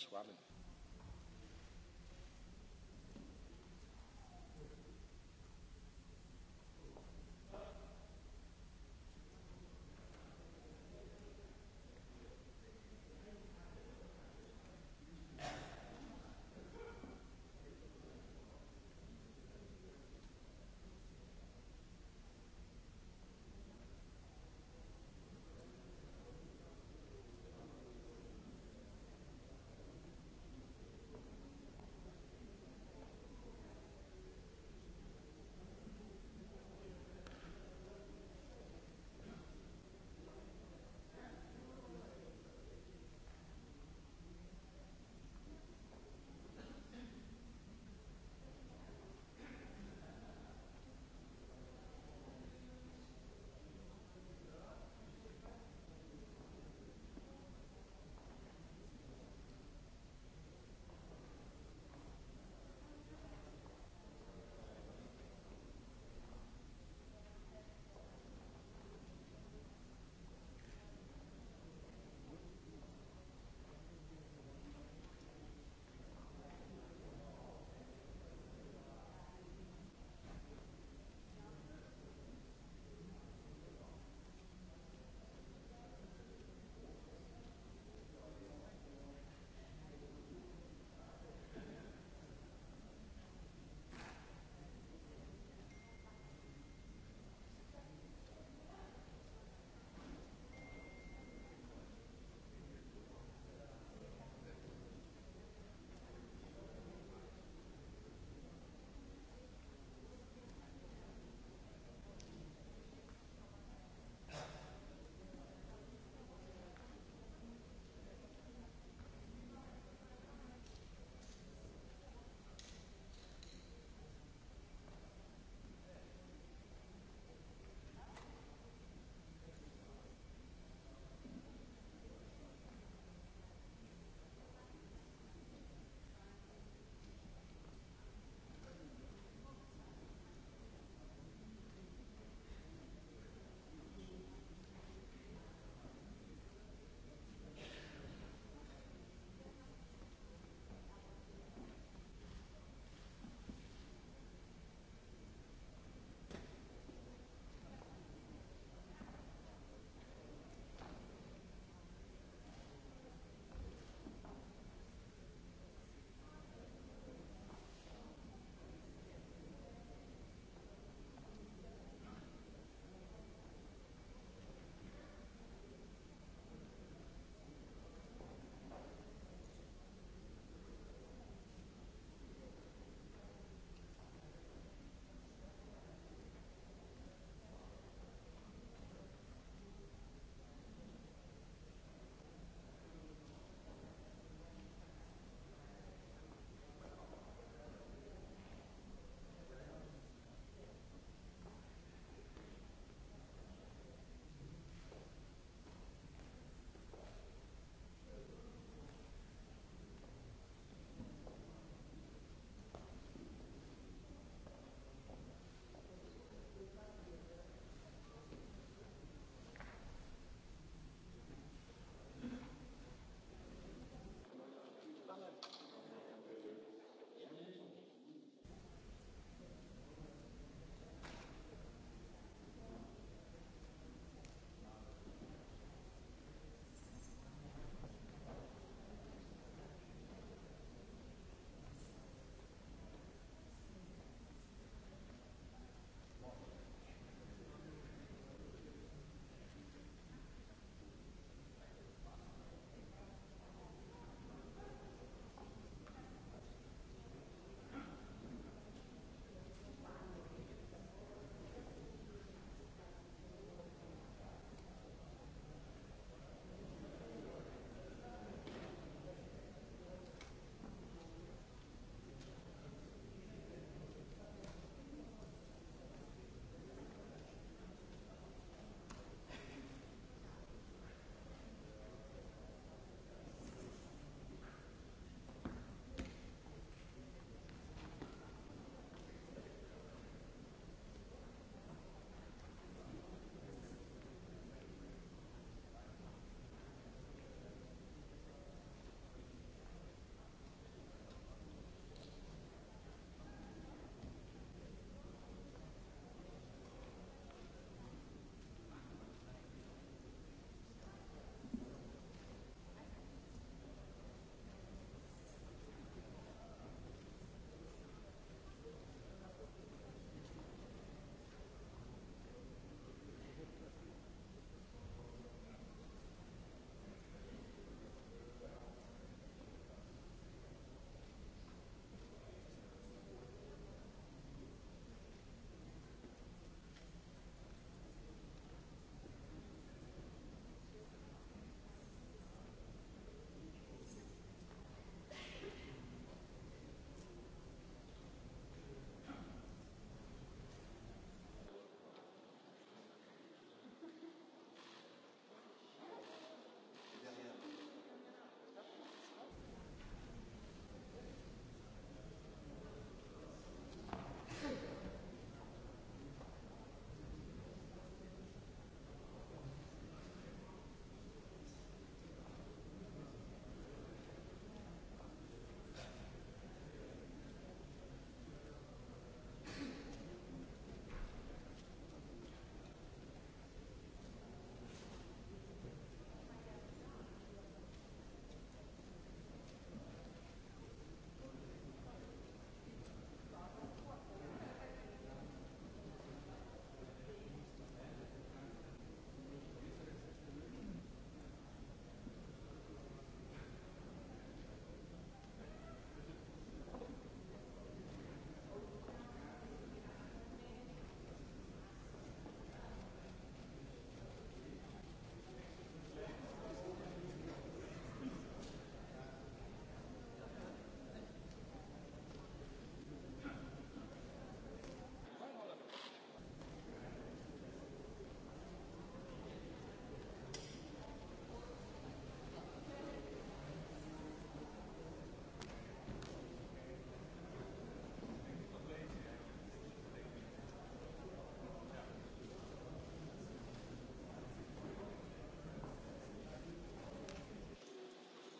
schwammen.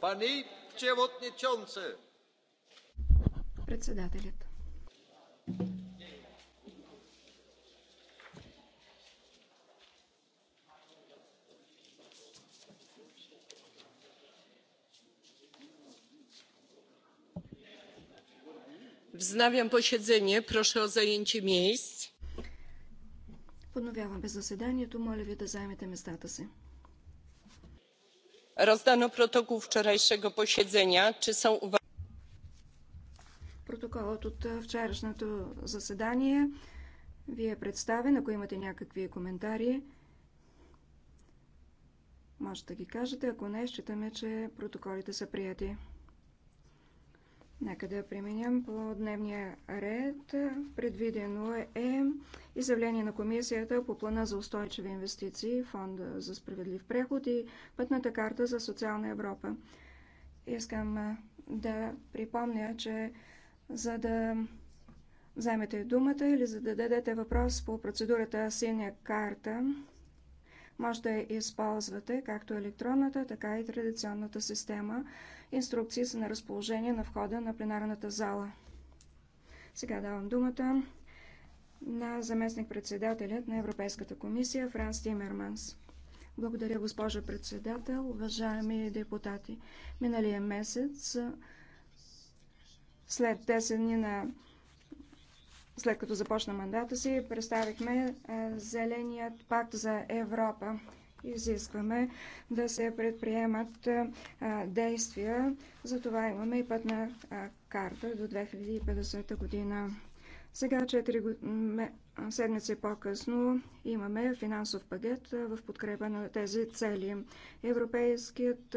Пани Пчевотничонце! Председателят. Wznawiam posiedzenie. Proszę o zajęcie miejsc. Подновяваме заседанието. Моля ви да заемете местата си rozdano protokół wczorajszego posiedzenia. Czy są uwagi? Протоколът от вчерашното заседание ви е представен. Ако имате някакви коментари, може да ги кажете. Ако не, считаме, че протоколите са прияти. Нека да преминем по дневния ред. Предвидено е изявление на комисията по плана за устойчиви инвестиции, фонда за справедлив преход и пътната карта за социална Европа. Искам да припомня, че за да вземете думата или за да дадете въпрос по процедурата синя карта, може да използвате както електронната, така и традиционната система. Инструкции са на разположение на входа на пленарната зала. Сега давам думата на заместник-председателят на Европейската комисия Франс Тимерманс. Благодаря, госпожа председател, уважаеми депутати. Миналия месец, след 10 дни на след като започна мандата си, представихме е, Зеленият пакт за Европа. Изискваме да се предприемат е, е, действия. За това имаме и пътна карта до 2050 година. Сега, 4 седмици по-късно, имаме финансов пакет в подкрепа на тези цели. Европейският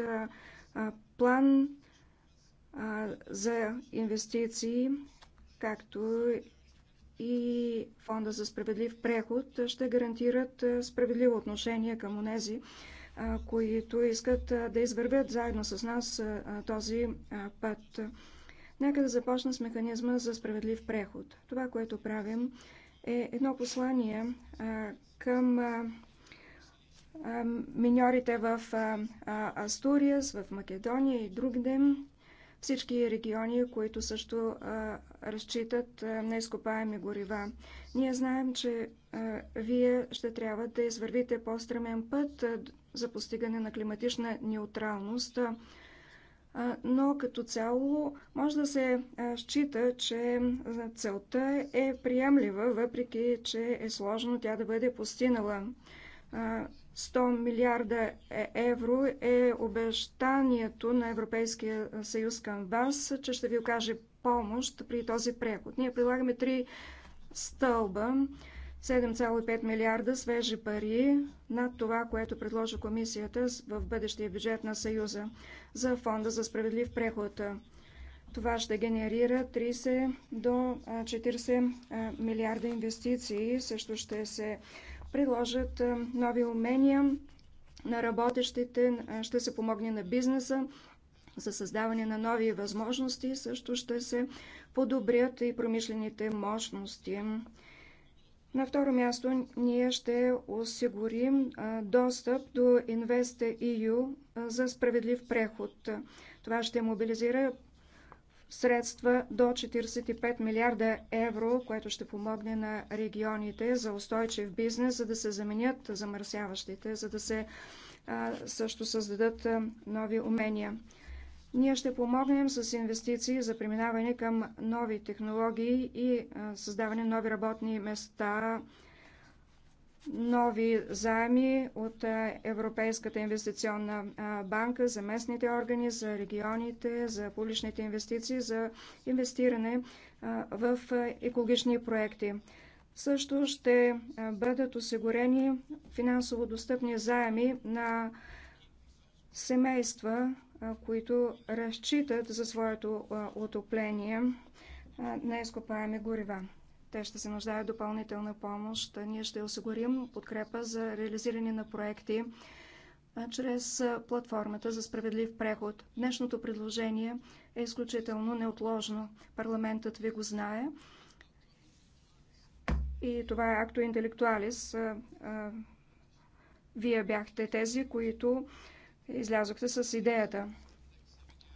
план за инвестиции, както и Фонда за справедлив преход ще гарантират справедливо отношение към онези, които искат да извървят заедно с нас този път. Нека да започна с механизма за справедлив преход. Това, което правим, е едно послание към миньорите в Астуриас, в Македония и друг ден, всички региони, които също разчитат на изкопаеми горива. Ние знаем, че вие ще трябва да извървите по-стремен път за постигане на климатична неутралност, но като цяло може да се счита, че целта е приемлива, въпреки че е сложно тя да бъде постигнала. 100 милиарда е- евро е обещанието на Европейския съюз към вас, че ще ви окаже помощ при този преход. Ние прилагаме три стълба. 7,5 милиарда свежи пари над това, което предложи комисията в бъдещия бюджет на Съюза за фонда за справедлив преход. Това ще генерира 30 до 40 милиарда инвестиции. Също ще се приложат нови умения на работещите, ще се помогне на бизнеса за създаване на нови възможности, също ще се подобрят и промишлените мощности. На второ място ние ще осигурим достъп до InvestEU за справедлив преход. Това ще мобилизира средства до 45 милиарда евро, което ще помогне на регионите за устойчив бизнес, за да се заменят замърсяващите, за да се а, също създадат а, нови умения. Ние ще помогнем с инвестиции за преминаване към нови технологии и а, създаване на нови работни места, нови заеми от Европейската инвестиционна банка за местните органи, за регионите, за публичните инвестиции, за инвестиране в екологични проекти. Също ще бъдат осигурени финансово достъпни заеми на семейства, които разчитат за своето отопление на изкопаеми горива. Те ще се нуждаят допълнителна помощ. Ние ще осигурим подкрепа за реализиране на проекти чрез платформата за справедлив преход. Днешното предложение е изключително неотложно. Парламентът ви го знае. И това е акто интелектуалис. Вие бяхте тези, които излязохте с идеята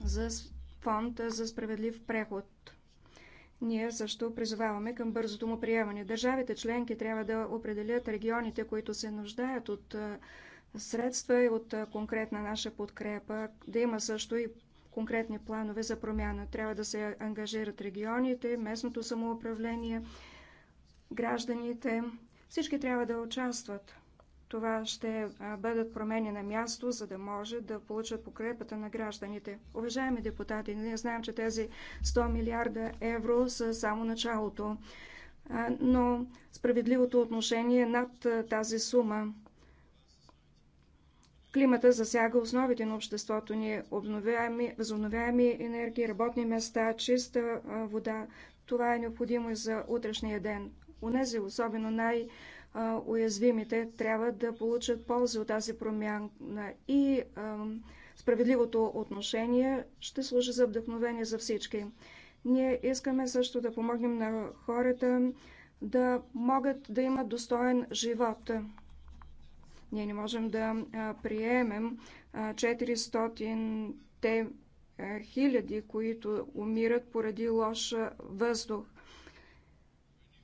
за фонд за справедлив преход. Ние също призоваваме към бързото му приемане. Държавите членки трябва да определят регионите, които се нуждаят от средства и от конкретна наша подкрепа. Да има също и конкретни планове за промяна. Трябва да се ангажират регионите, местното самоуправление, гражданите. Всички трябва да участват. Това ще бъдат промени на място, за да може да получат покрепата на гражданите. Уважаеми депутати, ние знаем, че тези 100 милиарда евро са само началото, но справедливото отношение е над тази сума. Климата засяга основите на обществото ни, обновяеми, възобновяеми енергии, работни места, чиста вода. Това е необходимо и за утрешния ден. Унези, особено най- уязвимите трябва да получат ползи от тази промяна и справедливото отношение ще служи за вдъхновение за всички. Ние искаме също да помогнем на хората да могат да имат достоен живот. Ние не можем да приемем 400-те хиляди, които умират поради лош въздух.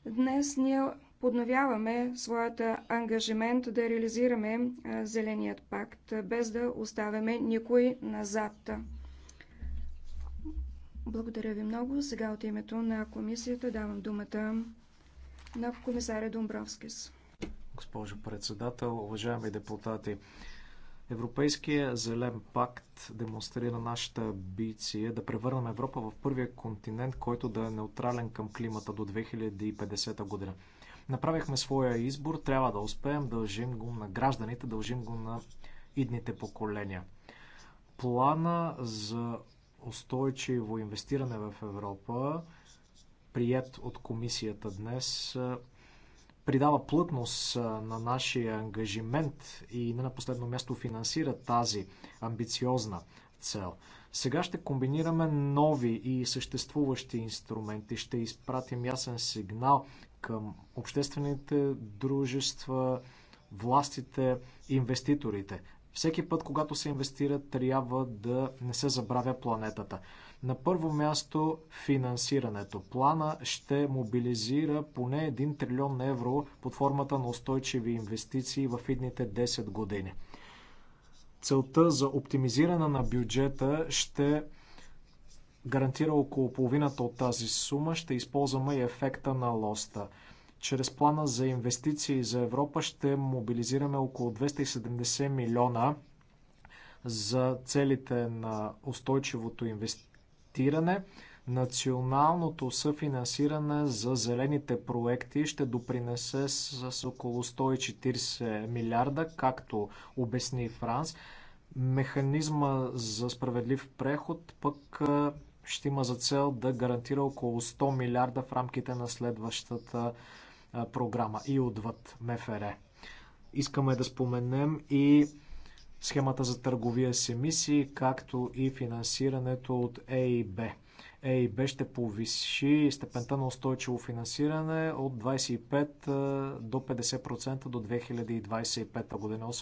Днес ние подновяваме своята ангажимент да реализираме Зеленият пакт, без да оставяме никой назад. Благодаря ви много. Сега от името на комисията давам думата на комисаря Домбровскис. Госпожо председател, уважаеми депутати, Европейския зелен пакт демонстрира нашата амбиция да превърнем Европа в първия континент, който да е неутрален към климата до 2050 година. Направихме своя избор, трябва да успеем, дължим го на гражданите, дължим го на идните поколения. Плана за устойчиво инвестиране в Европа, прият от комисията днес, придава плътност на нашия ангажимент и не на последно място финансира тази амбициозна цел. Сега ще комбинираме нови и съществуващи инструменти, ще изпратим ясен сигнал към обществените дружества, властите, инвеститорите. Всеки път, когато се инвестира, трябва да не се забравя планетата. На първо място финансирането. Плана ще мобилизира поне 1 трилион евро под формата на устойчиви инвестиции в идните 10 години. Целта за оптимизиране на бюджета ще гарантира около половината от тази сума. Ще използваме и ефекта на лоста. Чрез плана за инвестиции за Европа ще мобилизираме около 270 милиона за целите на устойчивото инвестиране. Националното съфинансиране за зелените проекти ще допринесе с около 140 милиарда, както обясни Франс механизма за справедлив преход пък ще има за цел да гарантира около 100 милиарда в рамките на следващата програма и отвъд МФР. Искаме да споменем и схемата за търговия с емисии, както и финансирането от ЕИБ. ЕИБ ще повиши степента на устойчиво финансиране от 25 до 50% до 2025 година.